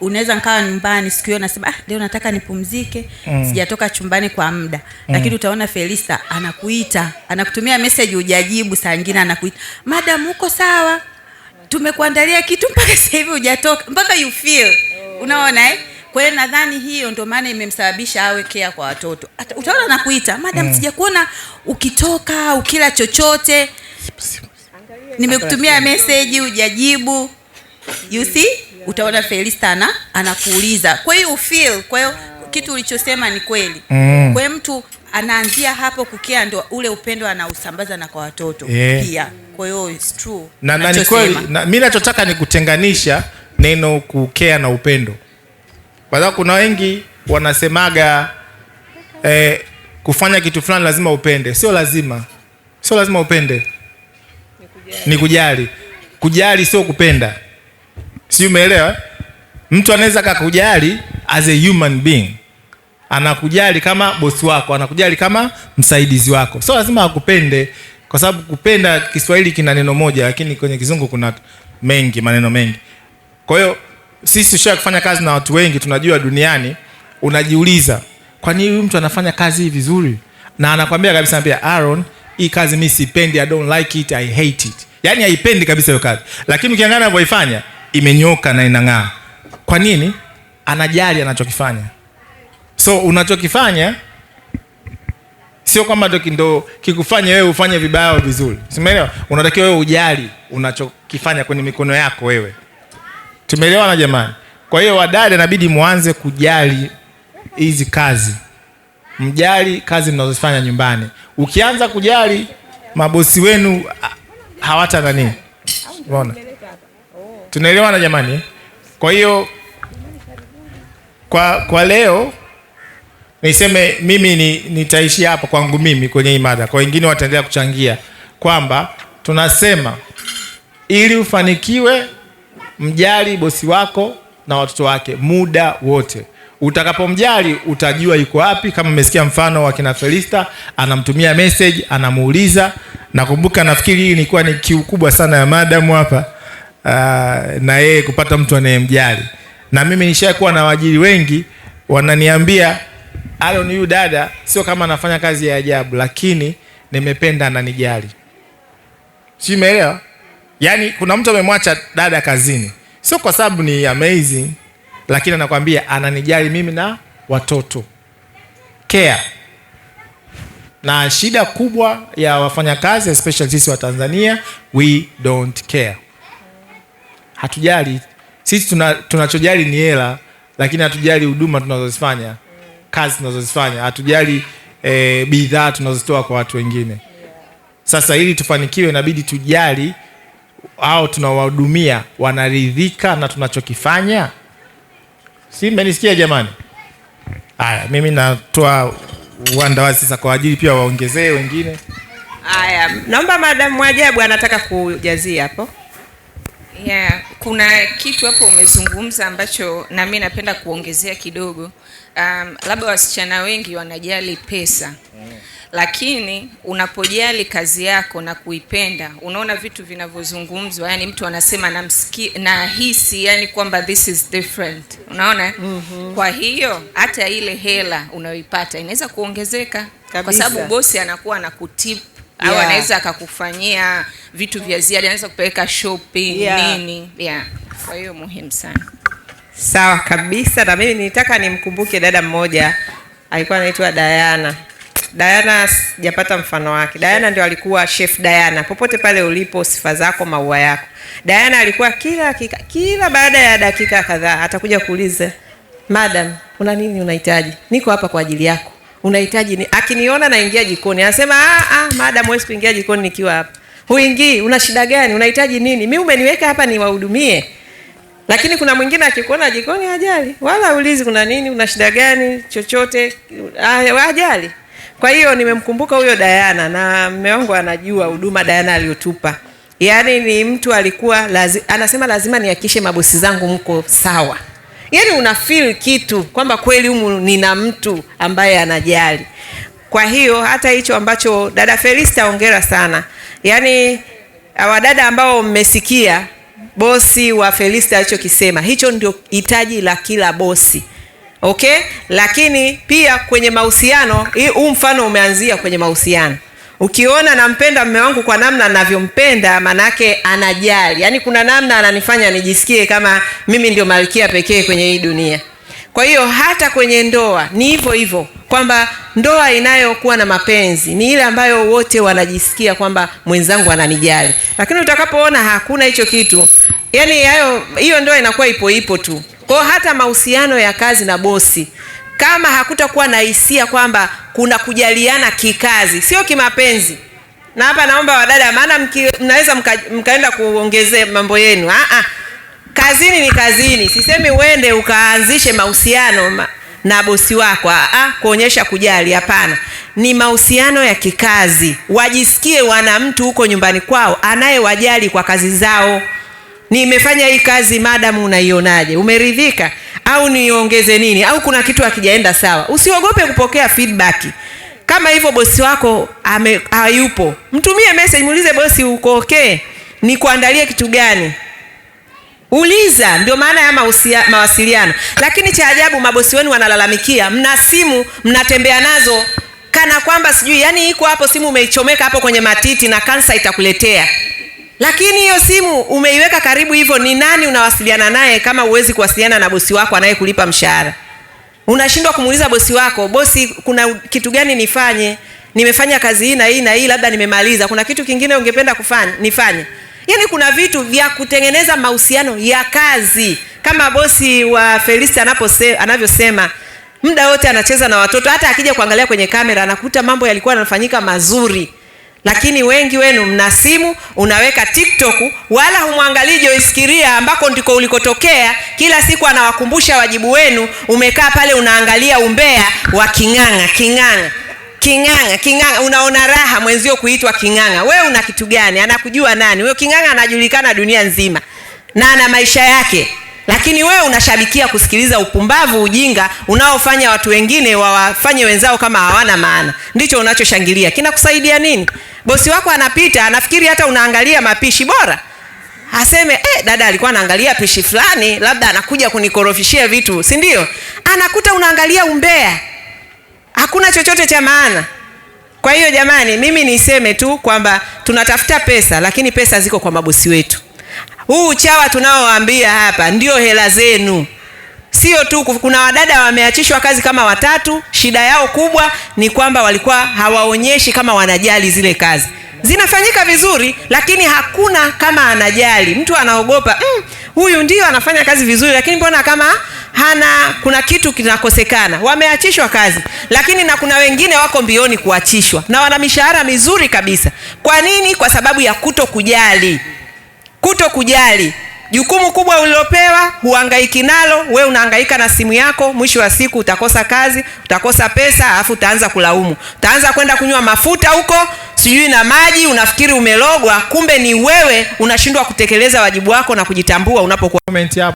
unaweza nkawa nyumbani siku hiyo nasema ah, leo nataka nipumzike mm. sijatoka chumbani kwa muda mm. lakini utaona Felista anakuita anakutumia message hujajibu, saa nyingine anakuita madam, uko sawa? Tumekuandalia kitu mpaka sasa hivi hujatoka, mpaka you feel oh. unaona eh? Kwa hiyo nadhani hiyo ndio maana imemsababisha awe kea kwa watoto. Utaona nakuita madam mm. sijakuona ukitoka ukila chochote, nimekutumia message hujajibu, you see utaona Felista ana anakuuliza, kwa hiyo feel. Kwa hiyo kitu ulichosema ni kweli mm. Kwa hiyo mtu anaanzia hapo kukia, ndo ule upendo anausambaza na kwa watoto yeah. Pia kwa hiyo it's true na, na ni kweli na, mimi nachotaka ni kutenganisha neno kukea na upendo, kwa sababu kuna wengi wanasemaga eh, kufanya kitu fulani lazima upende. Sio lazima, sio lazima upende, ni kujali. Kujali sio kupenda si umeelewa? Mtu anaweza kakujali as a human being, anakujali kama bosi wako, anakujali kama msaidizi wako, so lazima akupende, kwa sababu kupenda, Kiswahili kina neno moja, lakini kwenye kizungu kuna mengi, maneno mengi. Kwa hiyo sisi tusha kufanya kazi na watu wengi, tunajua duniani, unajiuliza kwa nini huyu mtu anafanya kazi hii vizuri, na anakwambia kabisa, anambia Aaron, hii kazi mimi sipendi, I don't like it, I hate it, yani haipendi kabisa hiyo kazi, lakini ukiangana anavyoifanya imenyoka na inang'aa. Kwa nini? Anajali anachokifanya. So unachokifanya sio kwamba ndo kikufanye wewe ufanye vibaya vizuri, simeelewa. Unatakiwa wewe ujali unachokifanya kwenye mikono yako wewe. Tumeelewana jamani? Kwa hiyo wadada, inabidi mwanze kujali hizi kazi, mjali kazi mnazozifanya nyumbani. Ukianza kujali mabosi wenu hawata nani, unaona Tunaelewana jamani? Kwa hiyo kwa, kwa leo niseme mimi ni, nitaishia hapa kwangu mimi kwenye imada kwa wengine wataendelea kuchangia kwamba tunasema ili ufanikiwe, mjali bosi wako na watoto wake muda wote. Utakapomjali utajua yuko wapi. Kama umesikia mfano wa kina Felista, anamtumia message, anamuuliza. Nakumbuka nafikiri hii ilikuwa ni kiu kubwa sana ya madamu hapa uh, na yeye kupata mtu anayemjali. Na mimi nishakuwa na waajiri wengi wananiambia, Alon, huyu dada sio kama anafanya kazi ya ajabu, lakini nimependa ananijali. Si umeelewa? Yaani kuna mtu amemwacha dada kazini, sio kwa sababu ni amazing, lakini anakwambia ananijali mimi na watoto care. Na shida kubwa ya wafanyakazi especially sisi wa Tanzania, we don't care hatujali sisi tuna, tunachojali ni hela, lakini hatujali huduma tunazozifanya, kazi tunazozifanya, hatujali e, bidhaa tunazozitoa kwa watu wengine. Sasa ili tufanikiwe, inabidi tujali au tunawahudumia wanaridhika na tunachokifanya. Si mmenisikia jamani? Haya, mimi natoa uandawazi sasa kwa ajili pia waongezee wengine. Haya, naomba madamu Mwajabu anataka kujazia hapo yeah. Kuna kitu hapo umezungumza ambacho na mimi napenda kuongezea kidogo. Um, labda wasichana wengi wanajali pesa Lakini unapojali kazi yako na kuipenda, unaona vitu vinavyozungumzwa, yani mtu anasema namsikia na hisi, yani kwamba this is different, unaona mm -hmm. Kwa hiyo hata ile hela unayoipata inaweza kuongezeka kabisa, kwa sababu bosi anakuwa anakutip au yeah. anaweza akakufanyia vitu vya ziada, anaweza kupeleka shopping yeah. nini yeah. Kwa hiyo muhimu sana. Sawa kabisa, na mimi nitaka nimkumbuke dada mmoja alikuwa anaitwa Diana. Diana sijapata mfano wake. Diana ndio alikuwa chef Diana. Popote pale ulipo, sifa zako, maua yako. Diana alikuwa kila kika, kila baada ya dakika kadhaa atakuja kuuliza, madam, una nini unahitaji? Niko hapa kwa ajili yako unahitaji ni akiniona naingia jikoni anasema ah, ah, madam wewe kuingia jikoni nikiwa hapa huingii una shida gani unahitaji nini mimi umeniweka hapa niwahudumie lakini kuna mwingine akikuona jikoni ajali wala ulizi kuna nini una shida gani chochote ah, ajali kwa hiyo nimemkumbuka huyo Dayana na mume wangu anajua huduma Dayana aliyotupa yaani ni mtu alikuwa lazi, anasema lazima nihakikishe mabosi zangu mko sawa yani una feel kitu kwamba kweli humu nina mtu ambaye anajali. Kwa hiyo hata hicho ambacho dada Felista, ongera sana, yani wadada ambao mmesikia bosi wa Felista alichokisema, hicho ndio hitaji la kila bosi. Okay, lakini pia kwenye mahusiano, huu mfano umeanzia kwenye mahusiano. Ukiona nampenda mme wangu kwa namna ninavyompenda, manake anajali, yaani kuna namna ananifanya nijisikie kama mimi ndio malkia pekee kwenye hii dunia. Kwa hiyo hata kwenye ndoa ni hivyo hivyo, kwamba ndoa inayokuwa na mapenzi ni ile ambayo wote wanajisikia kwamba mwenzangu ananijali. Lakini utakapoona hakuna hicho kitu, yaani hayo hiyo ndoa inakuwa ipo ipo tu. Kwa hata mahusiano ya kazi na bosi kama hakutakuwa na hisia kwamba kuna kujaliana kikazi, sio kimapenzi. Na hapa naomba wadada, maana mnaweza mka, mkaenda kuongezea mambo yenu. Aa, kazini ni kazini, sisemi uende ukaanzishe mahusiano ma, na bosi wako kuonyesha kujali, hapana. Ni mahusiano ya kikazi, wajisikie wana mtu huko nyumbani kwao anayewajali kwa kazi zao. Nimefanya hii kazi, madamu, unaionaje? Umeridhika? au niongeze nini, au kuna kitu hakijaenda sawa, usiogope kupokea feedback. Kama hivyo bosi wako ame, hayupo, mtumie message, muulize bosi, uko okay? Nikuandalie kitu gani? Uliza. Ndio maana ya mausia, mawasiliano. Lakini cha ajabu mabosi wenu wanalalamikia, mna simu mnatembea nazo kana kwamba sijui, yani iko hapo simu umeichomeka hapo kwenye matiti na kansa itakuletea lakini hiyo simu umeiweka karibu hivyo, ni nani unawasiliana naye kama uwezi kuwasiliana na bosi wako anayekulipa mshahara? Unashindwa kumuuliza bosi wako, bosi, kuna kitu gani nifanye? Nimefanya kazi hii na hii na hii, labda nimemaliza, kuna kitu kingine ungependa kufanya nifanye? Yaani kuna vitu vya kutengeneza mahusiano ya kazi, kama bosi wa Felista anavyosema muda wote anacheza na watoto, hata akija kuangalia kwenye kamera anakuta mambo yalikuwa yanafanyika mazuri lakini wengi wenu mna simu, unaweka TikTok, wala humwangalii Joyce ambako ndiko ulikotokea. Kila siku anawakumbusha wajibu wenu. Umekaa pale unaangalia umbea wa king'ang'a king'ang'a king'ang'a king'ang'a, unaona raha mwenzio kuitwa king'ang'a. Wewe una kitu gani? Anakujua nani? Wewe king'ang'a anajulikana dunia nzima na ana maisha yake, lakini wewe unashabikia kusikiliza upumbavu, ujinga unaofanya watu wengine wawafanye wenzao kama hawana maana. Ndicho unachoshangilia, kinakusaidia nini? bosi wako anapita, anafikiri hata unaangalia mapishi bora aseme eh, dada alikuwa anaangalia pishi fulani, labda anakuja kunikorofishia vitu, si ndio? Anakuta unaangalia umbea, hakuna chochote cha maana. Kwa hiyo jamani, mimi niseme tu kwamba tunatafuta pesa, lakini pesa ziko kwa mabosi wetu. Huu chawa tunaoambia hapa ndio hela zenu sio tu, kuna wadada wameachishwa kazi kama watatu. Shida yao kubwa ni kwamba walikuwa hawaonyeshi kama wanajali zile kazi zinafanyika vizuri, lakini hakuna kama anajali. Mtu anaogopa mm, huyu ndio anafanya kazi vizuri, lakini mbona kama hana, kuna kitu kinakosekana. Wameachishwa kazi, lakini na kuna wengine wako mbioni kuachishwa na wana mishahara mizuri kabisa. Kwa nini? Kwa sababu ya kuto kujali, kuto kujali. Jukumu kubwa ulilopewa huangaiki nalo, we unahangaika na simu yako. Mwisho wa siku utakosa kazi, utakosa pesa, alafu utaanza kulaumu, utaanza kwenda kunywa mafuta huko sijui na maji, unafikiri umelogwa, kumbe ni wewe unashindwa kutekeleza wajibu wako na kujitambua unapokuwa